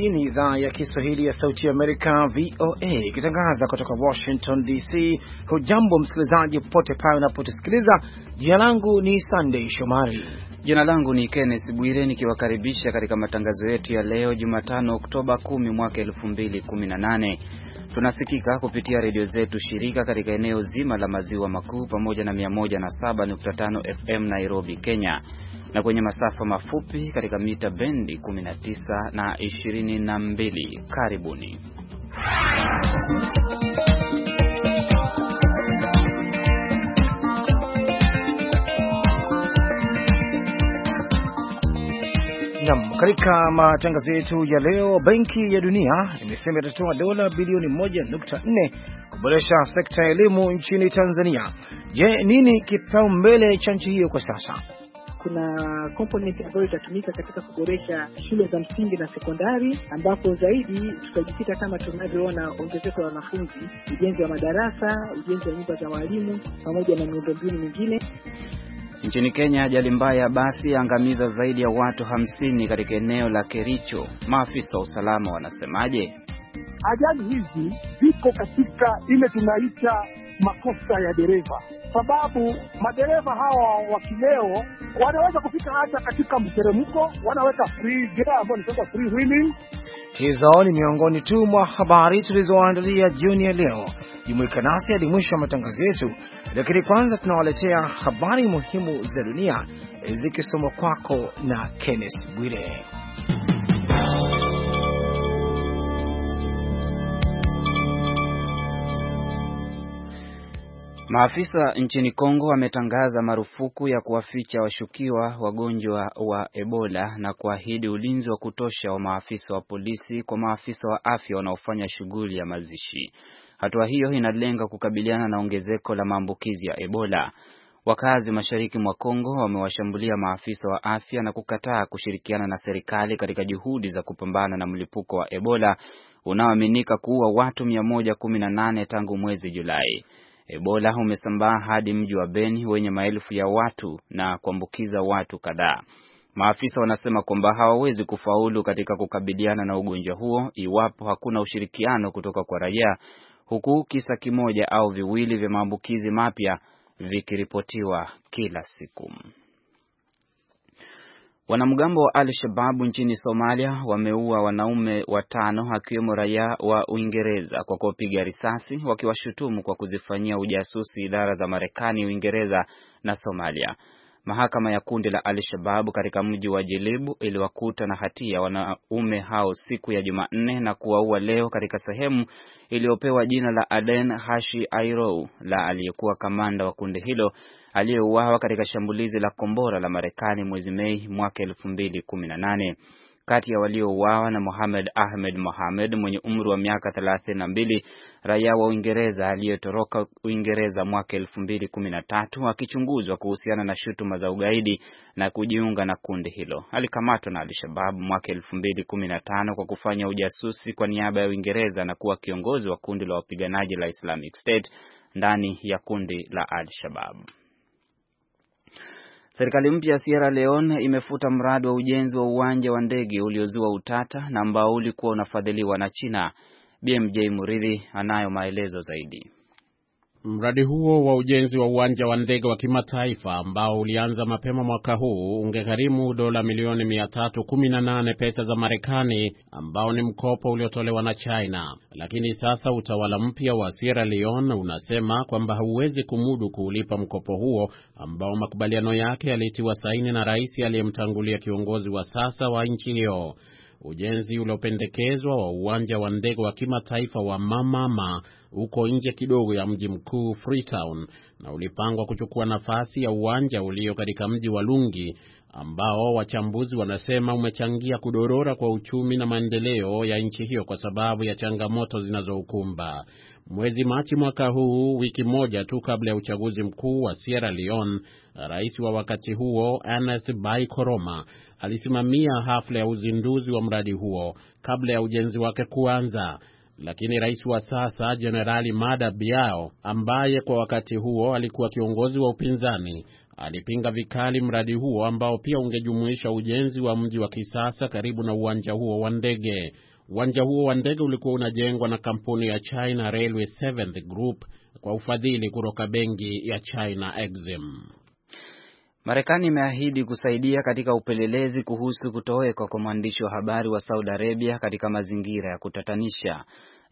Hii ni idhaa ya Kiswahili ya Sauti ya Amerika, VOA, ikitangaza kutoka Washington DC. Hujambo msikilizaji, popote pale unapotusikiliza. Jina langu ni sandey Shomari. Jina langu ni kennes Bwire, nikiwakaribisha katika matangazo yetu ya leo Jumatano, Oktoba 10 mwaka 2018. Tunasikika kupitia redio zetu shirika katika eneo zima la maziwa makuu pamoja na 107.5 FM Nairobi, Kenya, na kwenye masafa mafupi katika mita bendi 19 na 22. Karibuni. Nam, katika matangazo yetu ya leo, Benki ya Dunia imesema itatoa dola bilioni 1.4 kuboresha sekta ya elimu nchini Tanzania. Je, nini kipaumbele cha nchi hiyo kwa sasa? Kuna component ambayo itatumika katika kuboresha shule za msingi na sekondari, ambapo zaidi tutajikita kama tunavyoona ongezeko la wanafunzi, ujenzi wa madarasa, ujenzi wa nyumba za walimu, pamoja na miundombinu mingine. Nchini Kenya, ajali mbaya ya basi yaangamiza zaidi ya watu hamsini katika eneo la Kericho. Maafisa wa usalama wanasemaje? Ajali hizi ziko katika ile tunaita makosa ya dereva, sababu madereva hawa wa kileo wanaweza kufika hata katika mteremko, wanaweka free gear ambayo ni free wheeling Hizo ni miongoni tu mwa habari tulizowaandalia jioni ya leo. Jumuika nasi hadi mwisho wa matangazo yetu, lakini kwanza tunawaletea habari muhimu za dunia zikisomwa kwako na Kenneth Bwire. Maafisa nchini Kongo wametangaza marufuku ya kuwaficha washukiwa wagonjwa wa Ebola na kuahidi ulinzi wa kutosha wa maafisa wa polisi kwa maafisa wa afya wanaofanya shughuli ya mazishi. Hatua hiyo inalenga kukabiliana na ongezeko la maambukizi ya Ebola. Wakazi mashariki mwa Kongo wamewashambulia maafisa wa afya na kukataa kushirikiana na serikali katika juhudi za kupambana na mlipuko wa Ebola unaoaminika kuua watu 118 tangu mwezi Julai. Ebola umesambaa hadi mji wa Beni wenye maelfu ya watu na kuambukiza watu kadhaa. Maafisa wanasema kwamba hawawezi kufaulu katika kukabiliana na ugonjwa huo iwapo hakuna ushirikiano kutoka kwa raia, huku kisa kimoja au viwili vya maambukizi mapya vikiripotiwa kila siku. Wanamgambo wa Al-Shababu nchini Somalia wameua wanaume watano akiwemo raia wa Uingereza kwa kuwapiga risasi wakiwashutumu kwa kuzifanyia ujasusi idara za Marekani, Uingereza na Somalia. Mahakama ya kundi la Al-Shababu katika mji wa Jilibu iliwakuta na hatia wanaume hao siku ya Jumanne na kuwaua leo katika sehemu iliyopewa jina la Aden Hashi Airou la aliyekuwa kamanda wa kundi hilo aliyeuawa katika shambulizi la kombora la Marekani mwezi Mei mwaka 2018. Kati ya waliouawa na Mohamed Ahmed Mohamed mwenye umri wa miaka 32, raia wa Uingereza aliyetoroka Uingereza mwaka 2013 akichunguzwa kuhusiana na shutuma za ugaidi na kujiunga na kundi hilo. Alikamatwa na Al-Shabab mwaka 2015 kwa kufanya ujasusi kwa niaba ya Uingereza na kuwa kiongozi wa kundi la wapiganaji la Islamic State ndani ya kundi la Al-Shabab. Serikali mpya ya Sierra Leone imefuta mradi wa ujenzi wa uwanja wa ndege uliozua utata na ambao ulikuwa unafadhiliwa na China. BMJ Muridhi anayo maelezo zaidi. Mradi huo wa ujenzi wa uwanja wa ndege wa kimataifa ambao ulianza mapema mwaka huu ungegharimu dola milioni 318 pesa za Marekani, ambao ni mkopo uliotolewa na China. Lakini sasa utawala mpya wa Sierra Leone unasema kwamba hauwezi kumudu kuulipa mkopo huo ambao makubaliano yake yalitiwa saini na rais aliyemtangulia kiongozi wa sasa wa nchi hiyo. Ujenzi uliopendekezwa wa uwanja wa ndege wa kimataifa wa Mamama uko nje kidogo ya mji mkuu Freetown na ulipangwa kuchukua nafasi ya uwanja ulio katika mji wa Lungi ambao wachambuzi wanasema umechangia kudorora kwa uchumi na maendeleo ya nchi hiyo kwa sababu ya changamoto zinazoukumba. Mwezi Machi mwaka huu, wiki moja tu kabla ya uchaguzi mkuu wa Sierra Leone, rais wa wakati huo Ernest Bai Koroma alisimamia hafla ya uzinduzi wa mradi huo kabla ya ujenzi wake kuanza lakini rais wa sasa Jenerali Mada Biao, ambaye kwa wakati huo alikuwa kiongozi wa upinzani, alipinga vikali mradi huo ambao pia ungejumuisha ujenzi wa mji wa kisasa karibu na uwanja huo wa ndege. Uwanja huo wa ndege ulikuwa unajengwa na kampuni ya China Railway Seventh Group kwa ufadhili kutoka benki ya China Exim. Marekani imeahidi kusaidia katika upelelezi kuhusu kutowekwa kwa mwandishi wa habari wa Saudi Arabia katika mazingira ya kutatanisha.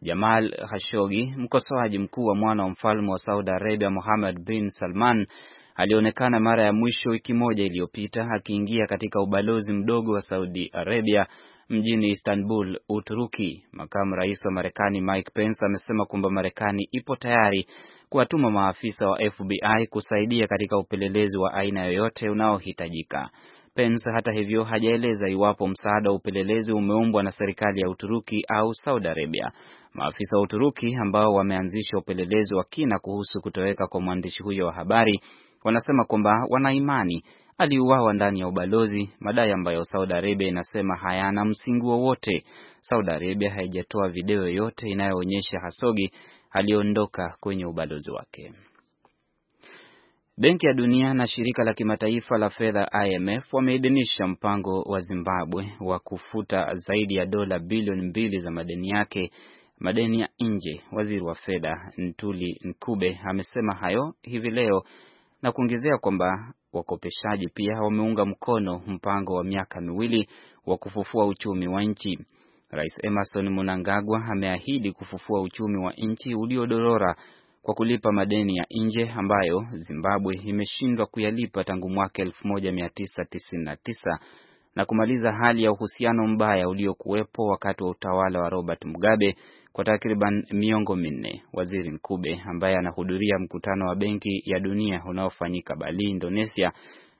Jamal Khashoggi, mkosoaji mkuu wa mwana wa mfalme wa Saudi Arabia Mohammed bin Salman, alionekana mara ya mwisho wiki moja iliyopita akiingia katika ubalozi mdogo wa Saudi Arabia mjini Istanbul, Uturuki. Makamu rais wa Marekani Mike Pence amesema kwamba Marekani ipo tayari kuwatuma maafisa wa FBI kusaidia katika upelelezi wa aina yoyote unaohitajika. Pence hata hivyo hajaeleza iwapo msaada wa upelelezi umeumbwa na serikali ya Uturuki au Saudi Arabia. Maafisa wa Uturuki ambao wameanzisha upelelezi wa kina kuhusu kutoweka kwa mwandishi huyo wa habari wanasema kwamba wanaimani aliuawa ndani ya ubalozi, madai ambayo Saudi Arabia inasema hayana msingi wowote. Saudi Arabia haijatoa video yoyote inayoonyesha Hasogi aliondoka kwenye ubalozi wake. Benki ya Dunia na shirika la kimataifa la fedha IMF wameidhinisha mpango wa Zimbabwe wa kufuta zaidi ya dola bilioni mbili za madeni yake madeni ya nje. Waziri wa fedha Ntuli Nkube amesema hayo hivi leo na kuongezea kwamba wakopeshaji pia wameunga mkono mpango wa miaka miwili wa kufufua uchumi wa nchi. Rais Emerson Mnangagwa ameahidi kufufua uchumi wa nchi uliodorora kwa kulipa madeni ya nje ambayo Zimbabwe imeshindwa kuyalipa tangu mwaka 1999 na kumaliza hali ya uhusiano mbaya uliokuwepo wakati wa utawala wa Robert Mugabe kwa takriban miongo minne. Waziri Mkube ambaye anahudhuria mkutano wa Benki ya Dunia unaofanyika Bali, Indonesia,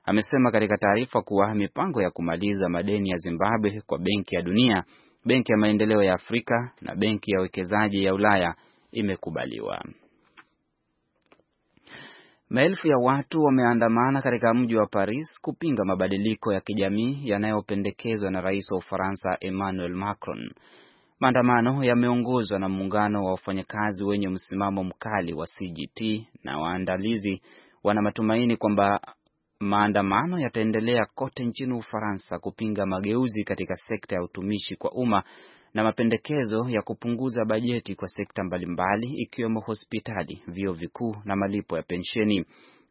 amesema katika taarifa kuwa mipango ya kumaliza madeni ya Zimbabwe kwa Benki ya Dunia, Benki ya Maendeleo ya Afrika na Benki ya Uwekezaji ya Ulaya imekubaliwa. Maelfu ya watu wameandamana katika mji wa Paris kupinga mabadiliko ya kijamii yanayopendekezwa na rais wa Ufaransa Emmanuel Macron. Maandamano yameongozwa na muungano wa wafanyakazi wenye msimamo mkali wa CGT na waandalizi wana matumaini kwamba maandamano yataendelea kote nchini Ufaransa kupinga mageuzi katika sekta ya utumishi kwa umma na mapendekezo ya kupunguza bajeti kwa sekta mbalimbali ikiwemo hospitali, vyuo vikuu na malipo ya pensheni.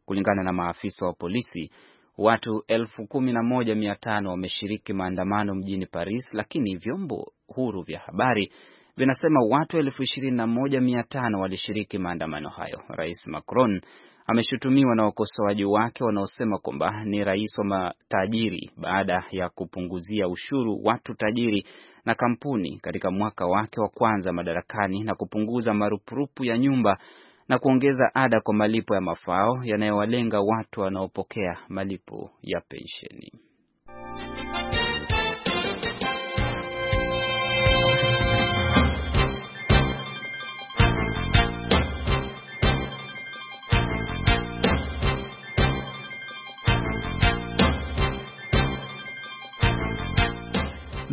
Kulingana na maafisa wa polisi, watu elfu kumi na moja mia tano wameshiriki maandamano mjini Paris, lakini vyombo huru vya habari vinasema watu elfu ishirini na moja mia tano walishiriki maandamano hayo. Rais Macron ameshutumiwa na wakosoaji wake wanaosema kwamba ni rais wa matajiri baada ya kupunguzia ushuru watu tajiri na kampuni katika mwaka wake wa kwanza madarakani na kupunguza marupurupu ya nyumba na kuongeza ada kwa malipo ya mafao yanayowalenga watu wanaopokea malipo ya pensheni.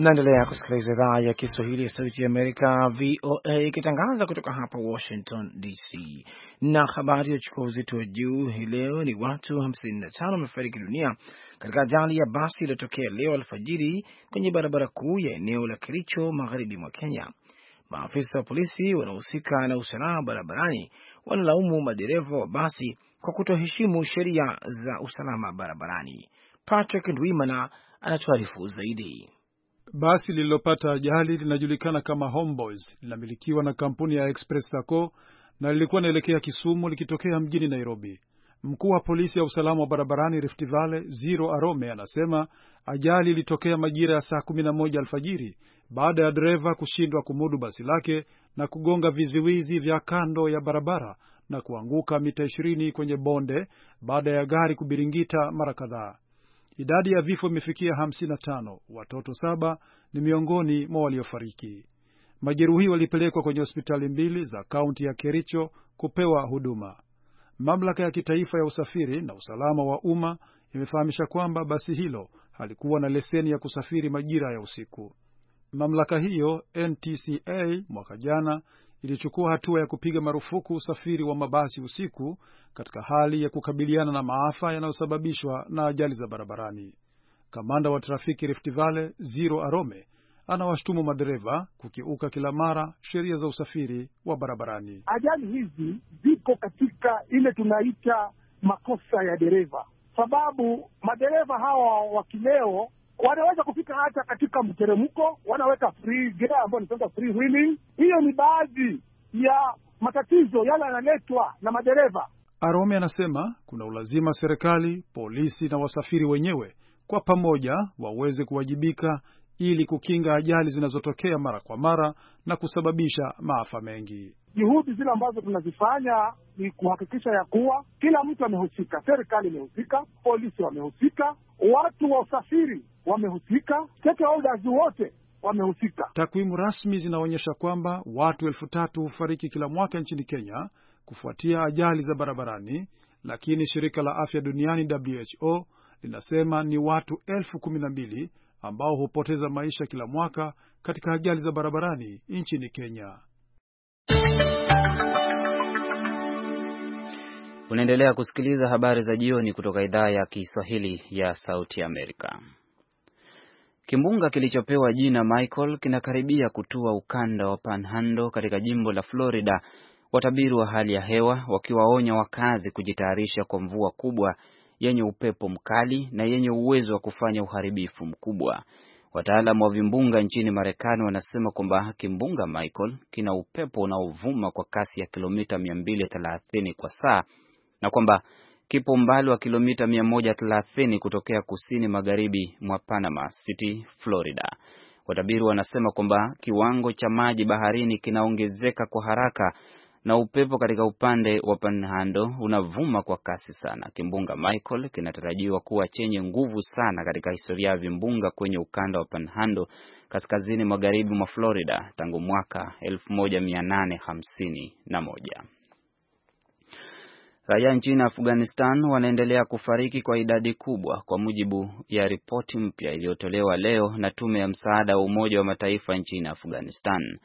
naendelea kusikiliza idhaa ya Kiswahili ya Sauti ya Amerika, VOA, ikitangaza kutoka hapa Washington DC. Na habari yachukua uzito wa juu hii leo ni watu 55 wamefariki dunia katika ajali ya basi iliyotokea leo alfajiri kwenye barabara kuu ya eneo la Kericho, magharibi mwa Kenya. Maafisa wa polisi wanaohusika na usalama barabarani wanalaumu madereva wa basi kwa kutoheshimu sheria za usalama barabarani. Patrick Ndwimana anatuarifu zaidi. Basi lililopata ajali linajulikana kama Homeboys, linamilikiwa na kampuni ya Express Sacco na lilikuwa naelekea Kisumu likitokea mjini Nairobi. Mkuu wa polisi ya usalama wa barabarani Rift Valley Ziro Arome anasema ajali ilitokea majira ya saa 11 alfajiri baada ya dereva kushindwa kumudu basi lake na kugonga viziwizi vya kando ya barabara na kuanguka mita 20 kwenye bonde baada ya gari kubiringita mara kadhaa. Idadi ya vifo imefikia 55. Watoto saba ni miongoni mwa waliofariki. Majeruhi walipelekwa kwenye hospitali mbili za kaunti ya Kericho kupewa huduma. Mamlaka ya kitaifa ya usafiri na usalama wa umma imefahamisha kwamba basi hilo halikuwa na leseni ya kusafiri majira ya usiku. Mamlaka hiyo NTCA mwaka jana ilichukua hatua ya kupiga marufuku usafiri wa mabasi usiku katika hali ya kukabiliana na maafa yanayosababishwa na ajali za barabarani. Kamanda wa trafiki Rift Valley Ziro Arome anawashtumu madereva kukiuka kila mara sheria za usafiri wa barabarani. Ajali hizi ziko katika ile tunaita makosa ya dereva, sababu madereva hawa wa kileo wanaweza kufika hata katika mteremko, wanaweka free gear ambayo nisema free wheeling. Hiyo ni baadhi ya matatizo yale yanaletwa na madereva. Arome anasema kuna ulazima serikali, polisi na wasafiri wenyewe kwa pamoja waweze kuwajibika ili kukinga ajali zinazotokea mara kwa mara na kusababisha maafa mengi. Juhudi zile ambazo tunazifanya ni kuhakikisha ya kuwa kila mtu amehusika, serikali imehusika, polisi wamehusika, watu wa usafiri wamehusika, stakeholders wote wamehusika. Takwimu rasmi zinaonyesha kwamba watu elfu tatu hufariki kila mwaka nchini Kenya kufuatia ajali za barabarani, lakini shirika la afya duniani WHO linasema ni watu elfu kumi na mbili ambao hupoteza maisha kila mwaka katika ajali za barabarani nchini Kenya. Unaendelea kusikiliza habari za jioni kutoka idhaa ya Kiswahili ya Sauti Amerika. Kimbunga kilichopewa jina Michael kinakaribia kutua ukanda wa Panhandle katika jimbo la Florida, watabiri wa hali ya hewa wakiwaonya wakazi kujitayarisha kwa mvua kubwa yenye upepo mkali na yenye uwezo wa kufanya uharibifu mkubwa. Wataalamu wa vimbunga nchini Marekani wanasema kwamba kimbunga Michael kina upepo unaovuma kwa kasi ya kilomita 230 kwa saa na kwamba kipo umbali wa kilomita 130 kutokea kusini magharibi mwa Panama City, Florida. Watabiri wanasema kwamba kiwango cha maji baharini kinaongezeka kwa haraka na upepo katika upande wa panhando unavuma kwa kasi sana. Kimbunga Michael kinatarajiwa kuwa chenye nguvu sana katika historia ya vimbunga kwenye ukanda wa panhando kaskazini magharibi mwa Florida tangu mwaka 1851. Raia nchini Afghanistan wanaendelea kufariki kwa idadi kubwa, kwa mujibu ya ripoti mpya iliyotolewa leo na tume ya msaada wa Umoja wa Mataifa nchini Afghanistan.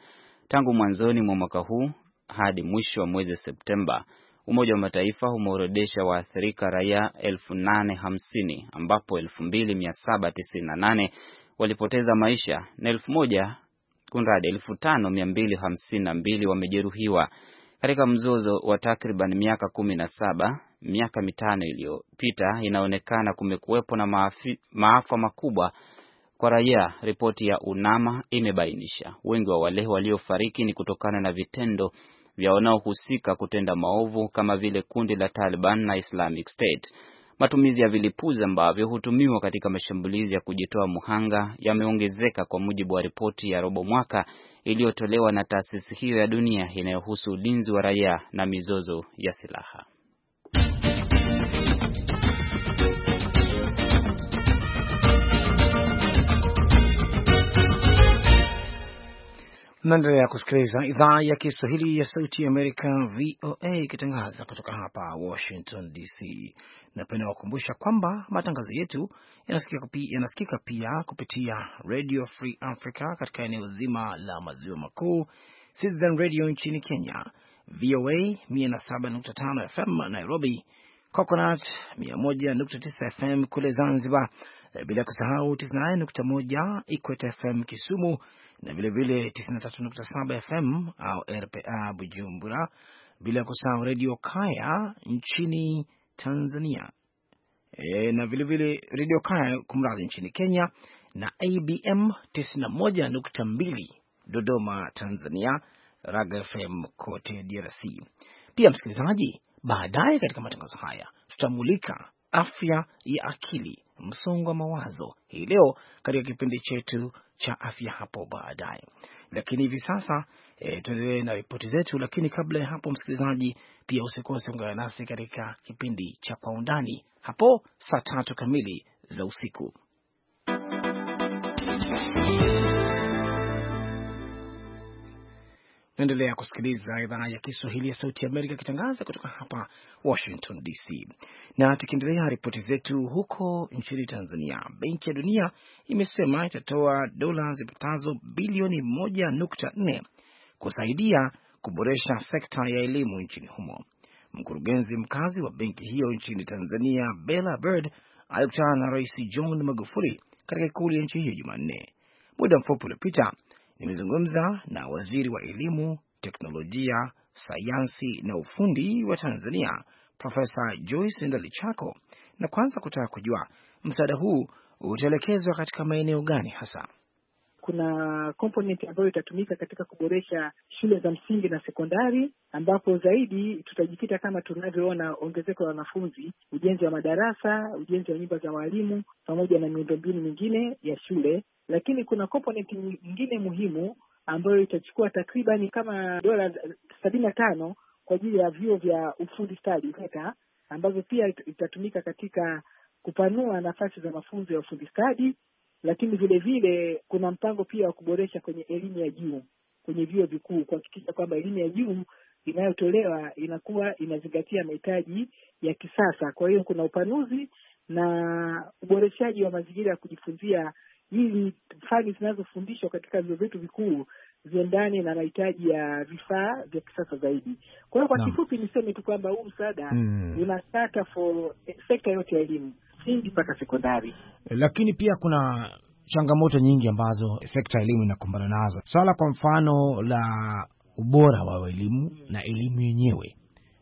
Tangu mwanzoni mwa mwaka huu hadi mwisho wa mwezi Septemba, Umoja wa Mataifa umeorodesha waathirika raia 850 ambapo 2798 walipoteza maisha na 5252 wamejeruhiwa katika mzozo wa takriban miaka kumi na saba. Miaka mitano iliyopita inaonekana kumekuwepo na maafi, maafa makubwa kwa raia, ripoti ya UNAMA imebainisha. Wengi wa wale waliofariki ni kutokana na vitendo vya wanaohusika kutenda maovu kama vile kundi la Taliban na Islamic State. Matumizi ya vilipuzi ambavyo hutumiwa katika mashambulizi ya kujitoa mhanga yameongezeka kwa mujibu wa ripoti ya robo mwaka iliyotolewa na taasisi hiyo ya dunia inayohusu ulinzi wa raia na mizozo ya silaha. naendelea kusikiliza idhaa ya Kiswahili ya Sauti ya Amerika, VOA, ikitangaza kutoka hapa Washington DC. Napenda kukumbusha kwamba matangazo yetu yanasikika pia, yanasikika pia kupitia Radio Free Africa katika eneo zima la maziwa makuu, Citizen Radio nchini Kenya, VOA 107.5 FM Nairobi, Coconut 101.9 FM kule Zanzibar, eh, bila kusahau 99.1 Ikweta FM Kisumu na vilevile 93.7 FM au RPA Bujumbura, bila kusahau redio Kaya nchini Tanzania, e, na vilevile redio Kaya kumradhi nchini Kenya na ABM 91.2 Dodoma Tanzania, Raga FM kote DRC. Pia msikilizaji, baadaye katika matangazo haya tutamulika afya ya akili, msongo wa mawazo hii leo katika kipindi chetu cha afya hapo baadaye, lakini hivi sasa E, tuendelee na ripoti zetu, lakini kabla ya hapo, msikilizaji, pia usikose ungana nasi katika kipindi cha Kwa Undani hapo saa tatu kamili za usiku. Naendelea kusikiliza idhaa ya Kiswahili ya Sauti ya Amerika ikitangaza kutoka hapa Washington DC. Na tukiendelea ripoti zetu, huko nchini Tanzania, Benki ya Dunia imesema itatoa dola zipatazo bilioni nne kusaidia kuboresha sekta ya elimu nchini humo. Mkurugenzi mkazi wa benki hiyo nchini Tanzania, Bella Bird, alikutana na Rais John Magufuli katika ikulu ya nchi hiyo Jumanne. Muda mfupi uliopita, nimezungumza na waziri wa elimu, teknolojia, sayansi na ufundi wa Tanzania, Profesa Joyce Ndalichako, na kwanza kutaka kujua msaada huu utaelekezwa katika maeneo gani hasa kuna component ambayo itatumika katika kuboresha shule za msingi na sekondari, ambapo zaidi tutajikita kama tunavyoona ongezeko la wanafunzi, ujenzi wa madarasa, ujenzi wa nyumba za walimu pamoja na miundombinu mingine ya shule. Lakini kuna component nyingine muhimu ambayo itachukua takribani kama dola sabini na tano kwa ajili ya vyuo vya ufundi stadi VETA, ambavyo pia itatumika katika kupanua nafasi za mafunzo ya ufundi stadi lakini vile vile kuna mpango pia wa kuboresha kwenye elimu ya juu kwenye vyuo vikuu kuhakikisha kwamba elimu ya juu inayotolewa inakuwa inazingatia mahitaji ya kisasa. Kwa hiyo kuna upanuzi na uboreshaji wa mazingira ya kujifunzia ili fani zinazofundishwa katika vyuo vyetu vikuu ziendane na mahitaji ya vifaa vya kisasa zaidi. Kwa hiyo kwa kifupi niseme tu kwamba huu msaada mm. una for sekta yote ya elimu msingi mpaka sekondari. Eh, lakini pia kuna changamoto nyingi ambazo sekta ya elimu inakumbana nazo, swala kwa mfano la ubora wa elimu na elimu yenyewe.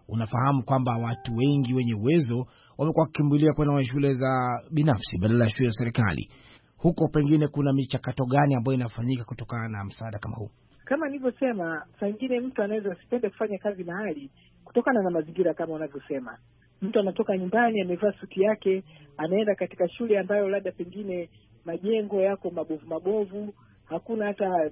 Unafahamu kwamba watu wengi wenye uwezo wamekuwa wakikimbilia kwenda shule za binafsi badala ya shule za serikali. Huko pengine kuna michakato gani ambayo inafanyika kutokana na msaada kama huu? Kama nilivyosema, saa ingine mtu anaweza asipende kufanya kazi mahali kutokana na mazingira kama unavyosema, Mtu anatoka nyumbani amevaa suti yake, anaenda katika shule ambayo labda pengine majengo yako mabovu mabovu, hakuna hata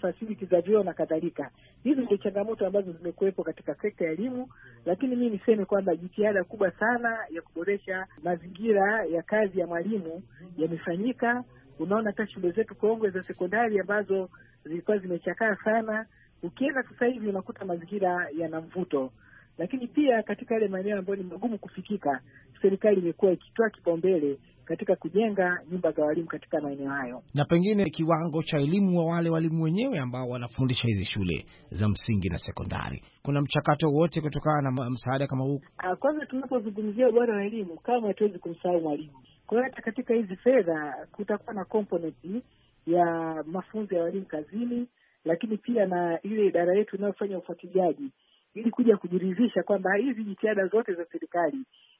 fasiliti za vyoo na kadhalika. Hizi ndio changamoto ambazo zimekuwepo katika sekta ya elimu, lakini mi niseme kwamba jitihada kubwa sana ya kuboresha mazingira ya kazi ya mwalimu yamefanyika. Unaona hata shule zetu kongwe za sekondari ambazo zilikuwa zimechakaa sana, ukienda sasa hivi unakuta mazingira yana mvuto. Lakini pia katika yale maeneo ambayo ni magumu kufikika, serikali imekuwa ikitoa kipaumbele katika kujenga nyumba za walimu katika maeneo hayo, na pengine kiwango cha elimu wa wale walimu wenyewe ambao wanafundisha hizi shule za msingi na sekondari. Kuna mchakato wote kutokana na msaada kama huu? Ah, kwanza, tunapozungumzia ubora wa elimu, kama hatuwezi kumsahau mwalimu. Kwa hiyo hata katika hizi fedha kutakuwa na komponenti ya mafunzo ya walimu kazini, lakini pia na ile idara yetu inayofanya ufuatiliaji ili kuja kujiridhisha kwamba hizi jitihada zote za serikali,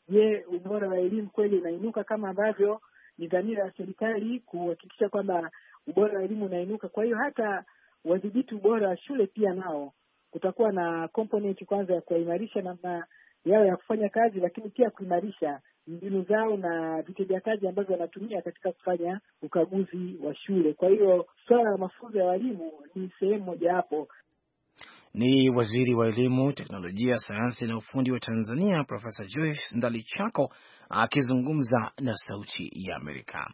je, ubora wa elimu kweli unainuka kama ambavyo ni dhamira ya serikali kuhakikisha kwamba ubora wa elimu unainuka. Kwa hiyo hata wadhibiti ubora wa shule pia nao kutakuwa na komponenti kwanza ya kuwaimarisha namna yao ya kufanya kazi, lakini pia kuimarisha mbinu zao na vitendea kazi ambavyo wanatumia katika kufanya ukaguzi wa shule. Kwa hiyo suala la mafunzo ya walimu ni sehemu mojawapo ni waziri wa elimu, teknolojia, sayansi na ufundi wa Tanzania, Profesa Joyce Ndalichako akizungumza na Sauti ya Amerika.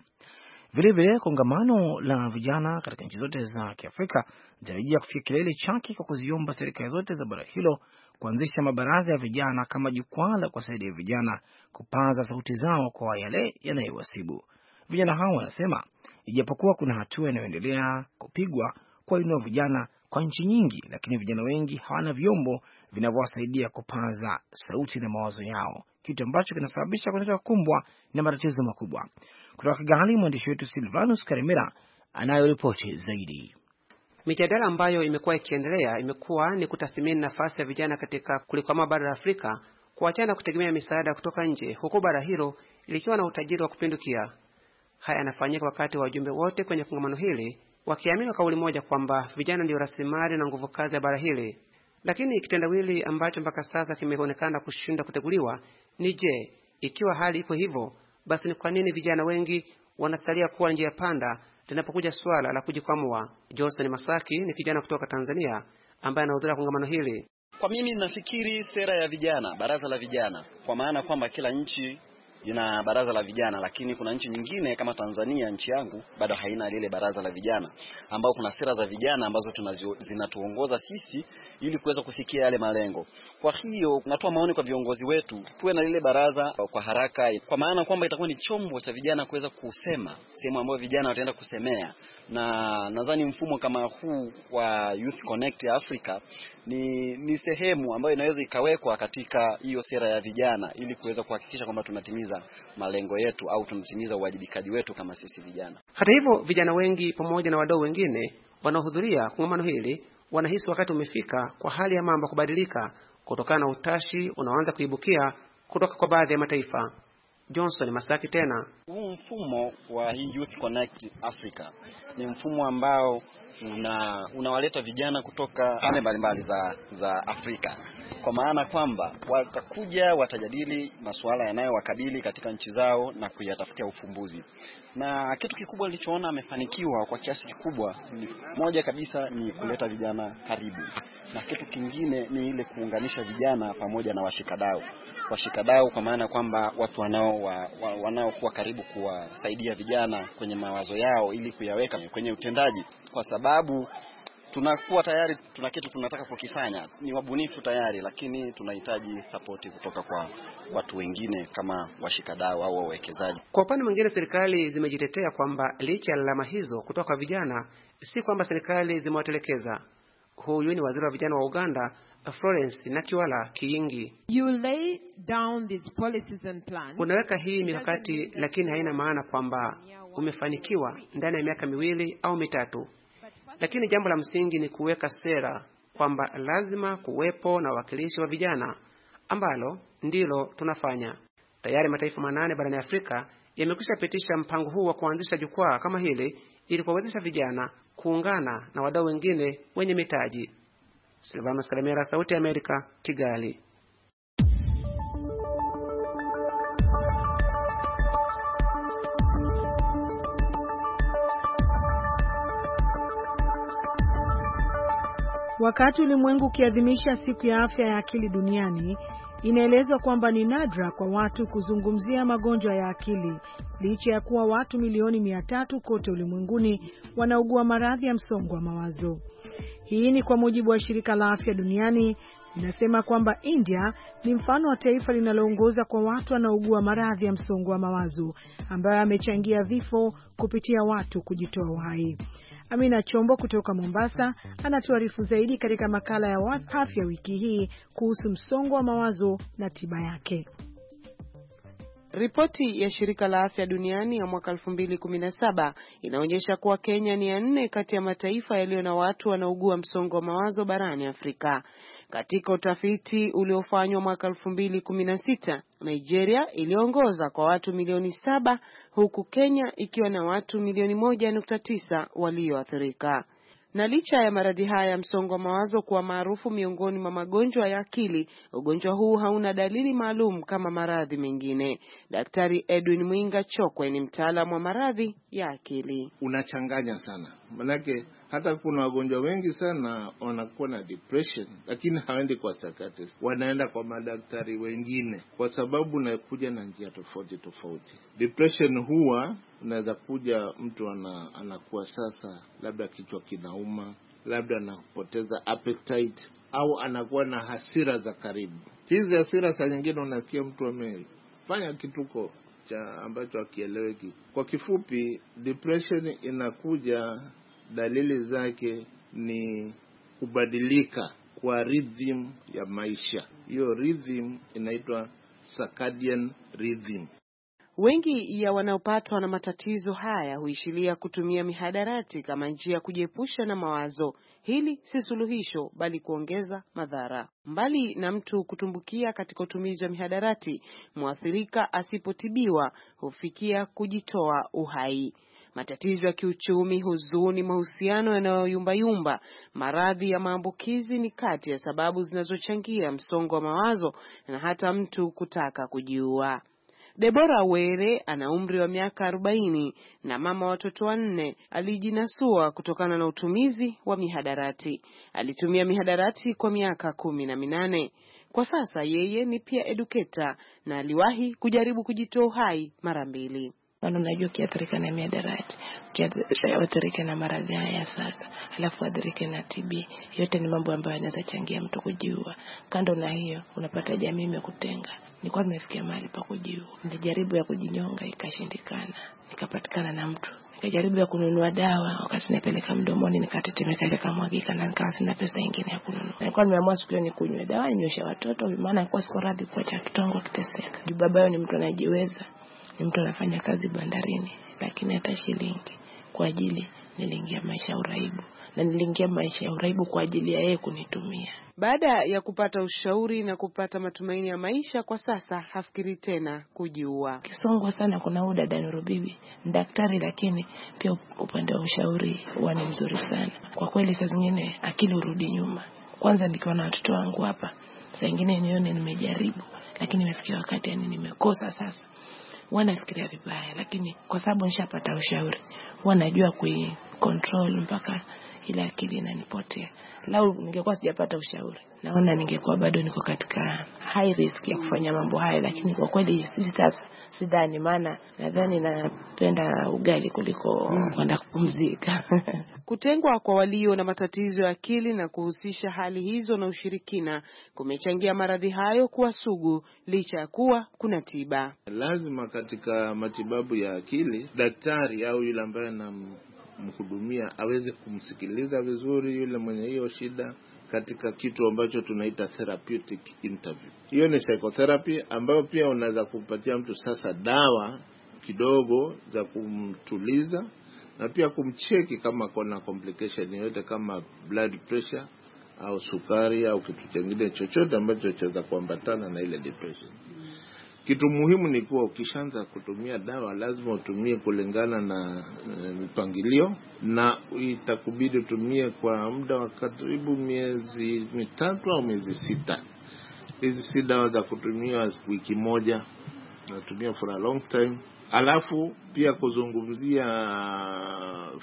Vilevile, kongamano la vijana katika nchi zote za Kiafrika linatarajia kufikia kilele chake kwa kuziomba serikali zote za bara hilo kuanzisha mabaraza ya vijana kama jukwaa la kuwasaidia vijana kupaza sauti zao kwa yale yanayowasibu vijana. Hao wanasema ijapokuwa kuna hatua inayoendelea kupigwa kwa inua vijana kwa nchi nyingi, lakini vijana wengi hawana vyombo vinavyowasaidia kupaza sauti na mawazo yao, kitu ambacho kinasababisha kuendelea kukumbwa na matatizo makubwa. Kutoka Kigali, mwandishi wetu Silvanus Karimera anayo ripoti zaidi. Mijadala ambayo imekuwa ikiendelea imekuwa ni kutathimini nafasi ya vijana katika kulikwama bara la Afrika, kuachana kutegemea misaada kutoka nje, huku bara hilo likiwa na utajiri wa kupindukia. Haya yanafanyika wakati wajumbe wote kwenye kongamano hili wakiamini kwa kauli moja kwamba vijana ndiyo rasilimali na nguvu kazi ya bara hili. Lakini kitendawili ambacho mpaka sasa kimeonekana kushindwa kuteguliwa ni je, ikiwa hali iko hivyo, basi ni kwa nini vijana wengi wanasalia kuwa njia panda linapokuja swala la kujikwamua? Johnson Masaki ni kijana kutoka Tanzania ambaye anahudhuria kongamano hili. Kwa mimi nafikiri sera ya vijana, baraza la vijana, kwa maana kwamba kila nchi ina baraza la vijana, lakini kuna nchi nyingine kama Tanzania, nchi yangu bado haina lile baraza la vijana, ambao kuna sera za vijana ambazo zinatuongoza sisi ili kuweza kufikia yale malengo. Kwa hiyo natoa maoni kwa viongozi wetu, tuwe na lile baraza kwa haraka, kwa maana kwamba itakuwa ni chombo cha vijana kuweza kusema, sehemu ambayo vijana wataenda kusemea, na nadhani mfumo kama huu wa Youth Connect Africa ni ni sehemu ambayo inaweza ikawekwa katika hiyo sera ya vijana ili kuweza kuhakikisha kwamba tunatimiza malengo yetu au tunatimiza uwajibikaji wetu kama sisi vijana. Hata hivyo, vijana wengi pamoja na wadau wengine wanaohudhuria kongamano hili wanahisi wakati umefika kwa hali ya mambo kubadilika kutokana na utashi unaoanza kuibukia kutoka kwa baadhi ya mataifa. Johnson Masaki tena. Huu mfumo wa hii Youth Connect Africa ni mfumo ambao una unawaleta vijana kutoka pande mbalimbali za za Afrika, kwa maana kwamba watakuja watajadili masuala yanayowakabili katika nchi zao na kuyatafutia ufumbuzi. Na kitu kikubwa nilichoona amefanikiwa kwa kiasi kikubwa moja kabisa ni kuleta vijana karibu, na kitu kingine ni ile kuunganisha vijana pamoja na washikadau washikadau, kwa maana kwamba watu wanao wa, wa, karibu kuwasaidia vijana kwenye mawazo yao ili kuyaweka kwenye utendaji kwa sababu sababu tunakuwa tayari tuna kitu tunataka kukifanya, ni wabunifu tayari, lakini tunahitaji sapoti kutoka kwa watu wengine kama washikadau au wawekezaji. Kwa upande mwingine, serikali zimejitetea kwamba licha ya lalama hizo kutoka kwa vijana, si kwamba serikali zimewatelekeza. Huyu ni waziri wa vijana wa Uganda Florence Nakiwala Kiyingi. You lay down these policies and plans. Unaweka hii mikakati, lakini haina maana kwamba umefanikiwa ndani ya miaka miwili au mitatu lakini jambo la msingi ni kuweka sera kwamba lazima kuwepo na wawakilishi wa vijana, ambalo ndilo tunafanya. Tayari mataifa manane barani Afrika yamekwishapitisha pitisha mpango huu wa kuanzisha jukwaa kama hili ili kuwawezesha vijana kuungana na wadau wengine wenye mitaji. Silvanos Karemera, Sauti ya Amerika, Kigali. Wakati ulimwengu ukiadhimisha siku ya afya ya akili duniani, inaelezwa kwamba ni nadra kwa watu kuzungumzia magonjwa ya akili licha ya kuwa watu milioni mia tatu kote ulimwenguni wanaugua maradhi ya msongo wa mawazo. Hii ni kwa mujibu wa shirika la afya duniani inasema kwamba India ni mfano wa taifa linaloongoza kwa watu wanaougua maradhi ya msongo wa mawazo ambayo amechangia vifo kupitia watu kujitoa uhai. Amina Chombo kutoka Mombasa anatuarifu zaidi katika makala ya Whatsapp ya wiki hii kuhusu msongo wa mawazo na tiba yake. Ripoti ya shirika la afya duniani ya mwaka 2017 inaonyesha kuwa Kenya ni ya nne kati ya mataifa yaliyo na watu wanaougua msongo wa mawazo barani Afrika. Katika utafiti uliofanywa mwaka elfu mbili kumi na sita, Nigeria iliongoza kwa watu milioni saba huku Kenya ikiwa na watu milioni moja nukta tisa walioathirika. Na licha ya maradhi haya ya msongo wa mawazo kuwa maarufu miongoni mwa magonjwa ya akili, ugonjwa huu hauna dalili maalum kama maradhi mengine. Daktari Edwin Mwinga Chokwe ni mtaalamu wa maradhi ya akili. Unachanganya sana, manake hata kuna wagonjwa wengi sana wanakuwa na depression, lakini hawaendi kwa psychiatrist, wanaenda kwa madaktari wengine, kwa sababu unakuja na njia tofauti tofauti. Depression huwa unaweza kuja mtu ana, anakuwa sasa, labda kichwa kinauma, labda anapoteza appetite au anakuwa na hasira za karibu. Hizi hasira saa nyingine unasikia mtu amefanya kituko cha ambacho akieleweki Kwa kifupi, depression inakuja dalili zake ni kubadilika kwa rhythm ya maisha. Hiyo rhythm inaitwa circadian rhythm. Wengi ya wanaopatwa na matatizo haya huishilia kutumia mihadarati kama njia ya kujiepusha na mawazo. Hili si suluhisho, bali kuongeza madhara. Mbali na mtu kutumbukia katika utumizi wa mihadarati, mwathirika asipotibiwa hufikia kujitoa uhai matatizo ya kiuchumi, huzuni, mahusiano yanayoyumbayumba, maradhi ya maambukizi ni kati ya sababu zinazochangia msongo wa mawazo na hata mtu kutaka kujiua. Debora Were ana umri wa miaka arobaini na mama watoto wanne. Alijinasua kutokana na utumizi wa mihadarati. Alitumia mihadarati kwa miaka kumi na minane. Kwa sasa yeye ni pia eduketa na aliwahi kujaribu kujitoa uhai mara mbili maana unajua ukiathirika na miadarati, ukiathirika na maradhi haya ya sasa, alafu athirike na TB, yote ni mambo ambayo yanaweza changia mtu kujiua. Kando na hiyo, unapata jamii imekutenga. Nilikuwa nimefikia mahali pa kujiua, nilijaribu ya kujinyonga ikashindikana, nikapatikana na mtu nikajaribu ya kununua dawa, wakati napeleka mdomoni nikatetemeka, ile kamwagika, na nikawa sina pesa nyingine ya kununua. Nilikuwa nimeamua siku hiyo nikunywe dawa ninyoshe watoto, maana nilikuwa siko radhi kuacha kitongo kiteseka, juu baba yao ni mtu anajiweza ni mtu anafanya kazi bandarini, lakini hata shilingi kwa ajili niliingia maisha ya uraibu na niliingia maisha ya uraibu kwa ajili ya yeye kunitumia. Baada ya kupata ushauri na kupata matumaini ya maisha, kwa sasa hafikiri tena kujiua. Kisongwa sana. Kuna huyu dada Nurubibi ni daktari, lakini pia upande wa ushauri huwa ni mzuri sana kwa kweli. Saa zingine akili urudi nyuma. Kwanza nikiwa na watoto wangu hapa, saa ingine nione nimejaribu, lakini imefikia wakati yani nimekosa sasa wanafikiria vibaya, lakini kwa sababu nishapata ushauri wanajua kuicontrol mpaka ile akili inanipotea. Lau ningekuwa sijapata ushauri, naona ningekuwa bado niko katika high risk ya kufanya mambo haya, lakini kwa kweli sisi sasa sidhani, maana nadhani napenda ugali kuliko mm. kwenda kupumzika. Kutengwa kwa walio na matatizo ya akili na kuhusisha hali hizo na ushirikina kumechangia maradhi hayo kuwa sugu, licha ya kuwa kuna tiba. Lazima katika matibabu ya akili daktari au yule ambaye anam kumhudumia aweze kumsikiliza vizuri yule mwenye hiyo shida katika kitu ambacho tunaita therapeutic interview. Hiyo ni psychotherapy ambayo pia unaweza kumpatia mtu sasa dawa kidogo za kumtuliza na pia kumcheki kama kuna complication yoyote kama blood pressure au sukari au kitu chengine chochote ambacho chaweza kuambatana na ile depression. Kitu muhimu ni kuwa ukishaanza kutumia dawa lazima utumie kulingana na eh, mipangilio, na itakubidi utumie kwa muda wa karibu miezi mitatu au miezi sita. Hizi si dawa za kutumia wiki moja, natumia for a long time alafu pia kuzungumzia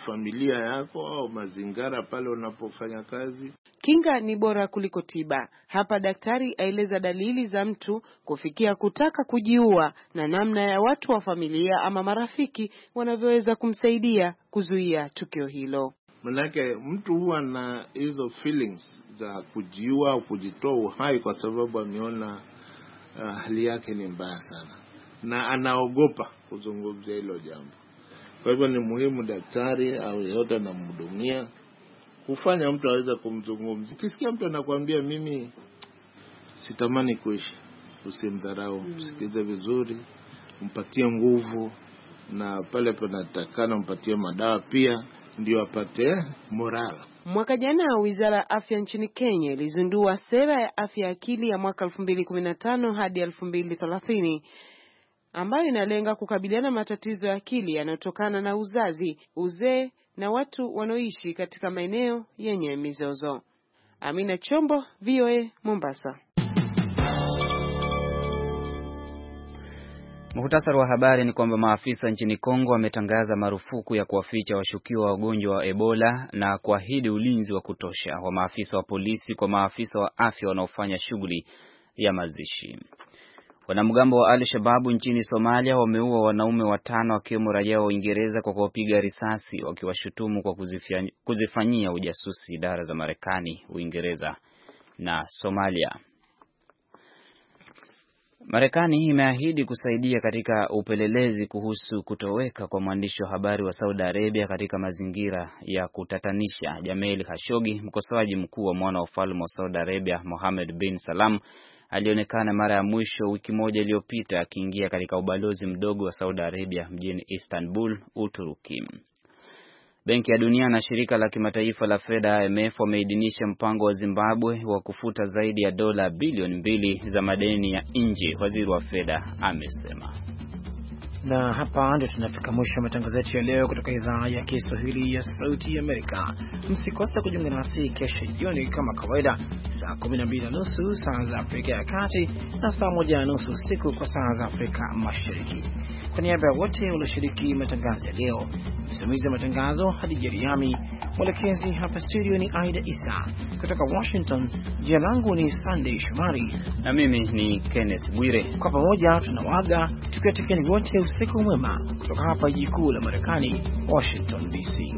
familia yako au mazingira pale unapofanya kazi. Kinga ni bora kuliko tiba. Hapa daktari aeleza dalili za mtu kufikia kutaka kujiua na namna ya watu wa familia ama marafiki wanavyoweza kumsaidia kuzuia tukio hilo. Manake mtu huwa na hizo feelings za kujiua au kujitoa uhai kwa sababu ameona ah, hali uh, yake ni mbaya sana na anaogopa kuzungumzia hilo jambo. Kwa hivyo ni muhimu daktari au yeyote anamhudumia kufanya mtu aweze kumzungumzia. Ukisikia mtu anakuambia mimi sitamani kuishi, usimdharau, hmm. msikize mm. vizuri, mpatie nguvu, na pale panatakana mpatie madawa pia, ndio apate morala. Mwaka jana wizara ya afya nchini Kenya ilizindua sera ya afya ya akili ya mwaka elfu kumi tano hadi elfu thelathini ambayo inalenga kukabiliana matatizo ya akili yanayotokana na uzazi, uzee na watu wanaoishi katika maeneo yenye mizozo. Amina Chombo, VOA, Mombasa. Muhtasari wa habari ni kwamba maafisa nchini Kongo wametangaza marufuku ya kuwaficha washukiwa wa ugonjwa wa Ebola na kuahidi ulinzi wa kutosha wa maafisa wa polisi kwa maafisa wa afya wanaofanya shughuli ya mazishi. Wanamgambo wa Al Shababu nchini Somalia wameua wanaume watano wakiwemo raia wa Uingereza kwa kuwapiga risasi wakiwashutumu kwa kuzifanyia ujasusi idara za Marekani, Uingereza na Somalia. Marekani imeahidi kusaidia katika upelelezi kuhusu kutoweka kwa mwandishi wa habari wa Saudi Arabia katika mazingira ya kutatanisha. Jamel Khashoggi, mkosoaji mkuu wa mwana wa ufalme wa Saudi Arabia Mohammed bin Salam, alionekana mara ya mwisho wiki moja iliyopita akiingia katika ubalozi mdogo wa Saudi Arabia mjini Istanbul, Uturuki. Benki ya Dunia na shirika la kimataifa la fedha IMF wameidhinisha mpango wa Zimbabwe wa kufuta zaidi ya dola bilioni mbili za madeni ya nje, waziri wa fedha amesema. Na hapa ndio tunafika mwisho wa matangazo yetu ya leo kutoka idhaa ya Kiswahili ya Sauti ya Amerika. Msikose kujiunga nasi kesho jioni kama kawaida, saa 12 na nusu saa za Afrika ya Kati na saa 1 na nusu usiku kwa saa za Afrika Mashariki. Kwa niaba ya wote walioshiriki matangazo ya leo, msimamizi wa matangazo hadi Jeriami, mwelekezi hapa studio ni Aida Isa kutoka Washington. Jina langu ni Sandey Shomari na mimi ni Kenneth Bwire. Kwa pamoja tunawaga tukiwatekeni wote usiku mwema kutoka hapa jiji kuu la Marekani, Washington DC.